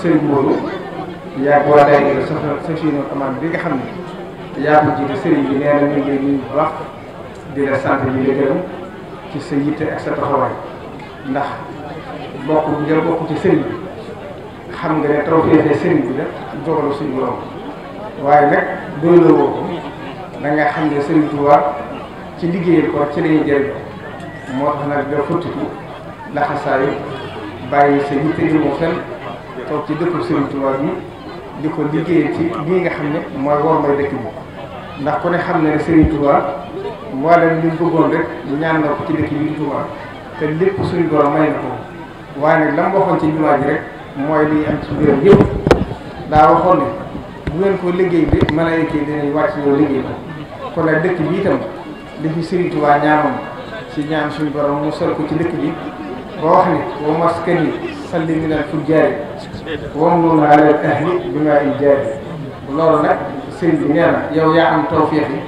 sëriñ Modou yaa ngi waa daayira sa sa Chine commande bi nga xam ne yaa ko jiite sëriñ bi nee na ñu ngi ñu bu baax di la sant di la ci sa yitte sa ndax bokk ngeen ci sëriñ nga ne trop féete sëriñ bi la dogalu suñu borom waaye nga xam ne sëriñ Touba ci liggéeyal ko ci lañuy jël moo tax nag da fottiku laxasaayu bàyyi sa yitte di mu fenn toog ci dëkku Serigne Touba bi di ko liggéeyee ci lii nga xam ne mooy war mooy dëkk bi ndax ku ne xam ne Serigne Touba mboolem li mu bëggoon rek ñaan na ko ci dëkk bi Touba te lépp suñu borom may na ko waaye la mu waxoon ci jumaa ji rek mooy li am ci biir yëpp daa waxoon ne bu ngeen ko liggéey bi malaaka yi dinañ wàcc yow liggéey bi kon nag dëkk bi itam li fi Serigne Touba ñaanoon ci ñaan suñu borom mu sol ko ci dëkk bi ba wax ni wa maskani salli minal fujjaari wamnun ala ahli bi ma ijaabi loolu nag bi nee na yow yaa am tawféex yi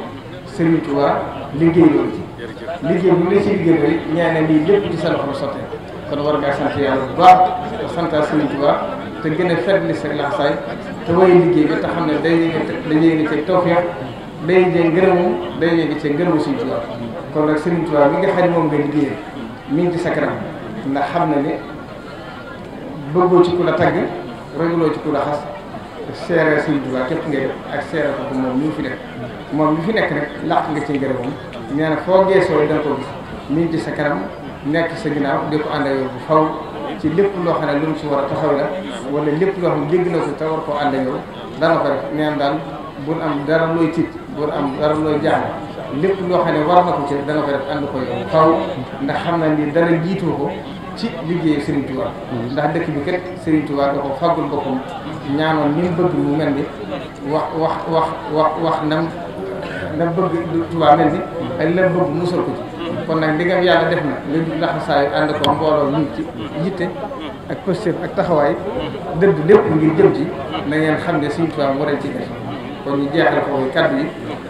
sëriñ Tuubaa liggéey loolu ci liggéey si la siy liggéey rek ñaa ne lii lépp ci sa loxo sottee kon war ngaa sant yàlla bu baax te santaa sëriñ Tuubaa te gën a fetli sa laxasaay te waye liggéey bi te xam ne day dañuy ngi ci tawféex day jee ngërëmu day jee ngi ci ngërëmu sëriñ Tuubaa kon nag sëriñ Tuubaa mi nga xam ne moom nga liggéeyee mi ngi ci sa ndax xam na ne bëggoo ci ku la tagg ragaloo ci ku la xas seere Sëriñ Tuubaa képp nga def ak seere ko moom mi fi nekk moom mi fi nekk rek làq nga ci ngërëmam nee na foo geesoo da nga ko gis mi ngi ci sa kanam nekk sa ginnaaw di ànd bu faw ci lépp loo xam ne lu mu war a taxaw wala lépp loo xam na ko te war koo ànd ak dana ko def nee daal bul am dara looy tiit bul am dara looy jaaxle lépp loo xam ne war na ko ci dana ko def ànd ko yow faw ndax xam na ni dara jiitoo ko ci liggéey Serigne Touba ndax dëkk bi kat Serigne Touba da ko fàggul boppam ñaanoon ni mu bëgg mu mel ni wax wax wax wax wax nam nam bëgg Touba mel ni ak la bëgg musal ko ci kon nag ndegam yàlla def na li ñu laxa saa yu ànd ko mbooloo ñu ci yitte ak posture ak taxawaay dëdd lépp ngir jëm ci na ngeen xam ne Serigne Touba moo leen ci def kon ñu jeexal foofu kàddu yi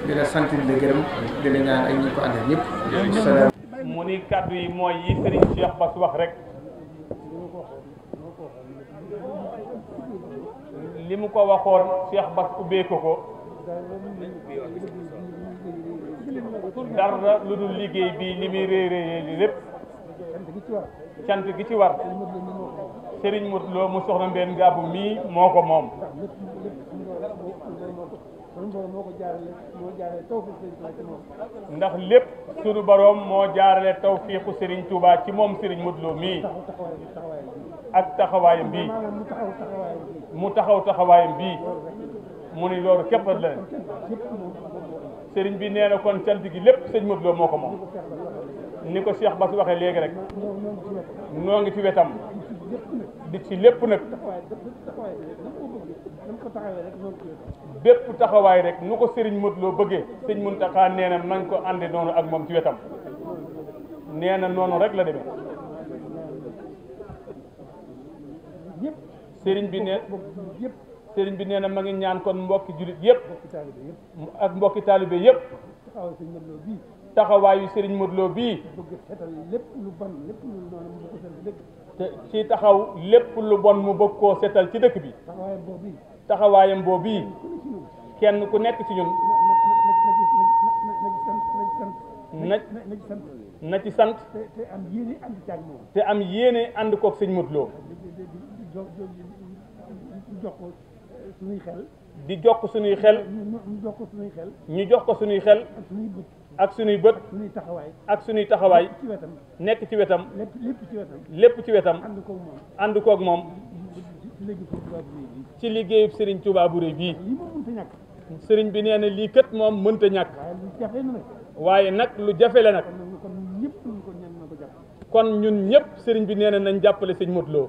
di la sant di la gërëm di la ñaan ak ñi ko àndal ñëpp salaam mu ni kàddu yi mooy yi Serigne Cheikh Bass wax rek li mu ko waxoon Cheikh Bass ubbee ko ko dara lu dul liggéey bi li muy réeréer li lépp cant gi ci war Serigne Mourlo mu soxna Mbène Gabou mii moo ko moom sunu borom moo ko jaarale moo jaarale tawfiq ndax lépp sunu borom moo jaarale tawfiqu sëriñ Touba ci moom sëriñ Modou Lo mii. ak taxawaayam bi mu taxaw taxawaayam bi mu ni loolu képp la sëriñ bi nee na kon cant gi lépp sëñ Modou moo ko moom ni ko Cheikh Bass waxee léegi rek noo ngi fi wetam di ci lépp nag bépp taxawaay rek nu ko sëriñ Modou Lo bëggee sëñ Mountakha nee na nañ ko àndi noonu ak moom ci wetam nee na noonu rek la demee Serigne bi nee sëriñ bi nee na ma ngi ñaan kon mbokki jullit yëpp ak mbokki taalibe yëpp taxawaayu Serigne Modou Lo bii. ci taxaw lépp lu bon mu bëgg koo setal ci dëkk bi taxawaayam boobu kenn ku nekk ci ñun na na ci sant te am yéene ànd koog sëñ Modu Lo di jox ko suñuy xel ñu jox ko suñuy xel ñu jox ko suñuy xel ak sunuy bët ak sunuy taxawaay nekk ci wetam lépp ci wetam ànd koog moom ci liggéeyub Serigne Touba bu rëy bii Serigne bi nee na lii kat moom mënta ñàkk waaye nag lu jafe la nag kon ñun ñëpp Serigne bi nee nañ jàppale sëñ Modou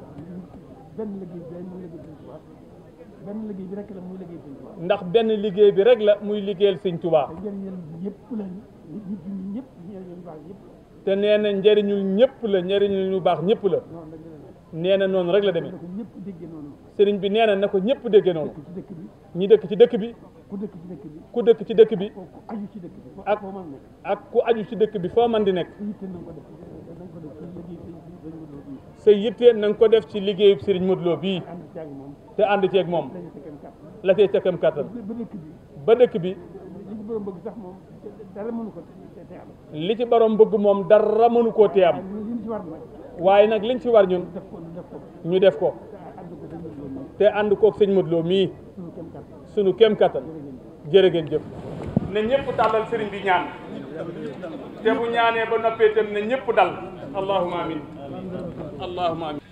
Lo ndax benn liggéey bi rek la muy liggéeyal sëñ Touba te nee na njëriñul ñëpp la njëriñul ñu baax ñëpp la nee na noonu rek la demee sëriñ bi nee na ko ñëpp déggee noonu ñi dëkk ci dëkk bi ku dëkk ci dëkk bi ku dëkk ci dëkk bi ak ak ku aju ci dëkk bi foo man di nekk sa yitte na nga ko def ci liggéeyu sëriñ Modou Lo bii te ànd ceeg moom la cee càkkam kàttan ba dëkk bi borom bëgg sax moom dara mënu ko te am. li ci borom bëgg moom dara mënu koo te am. waaye nag liñ ci war ñun. ñu def ko. te ànd koog sëñ Modou Lo mii. sunu kem kattan jërë ngeen jëf. ne ñëpp tàllal sëriñ bi ñaan. te bu ñaanee ba noppee itam ne ñëpp dal. allahumma amin allahumma amin.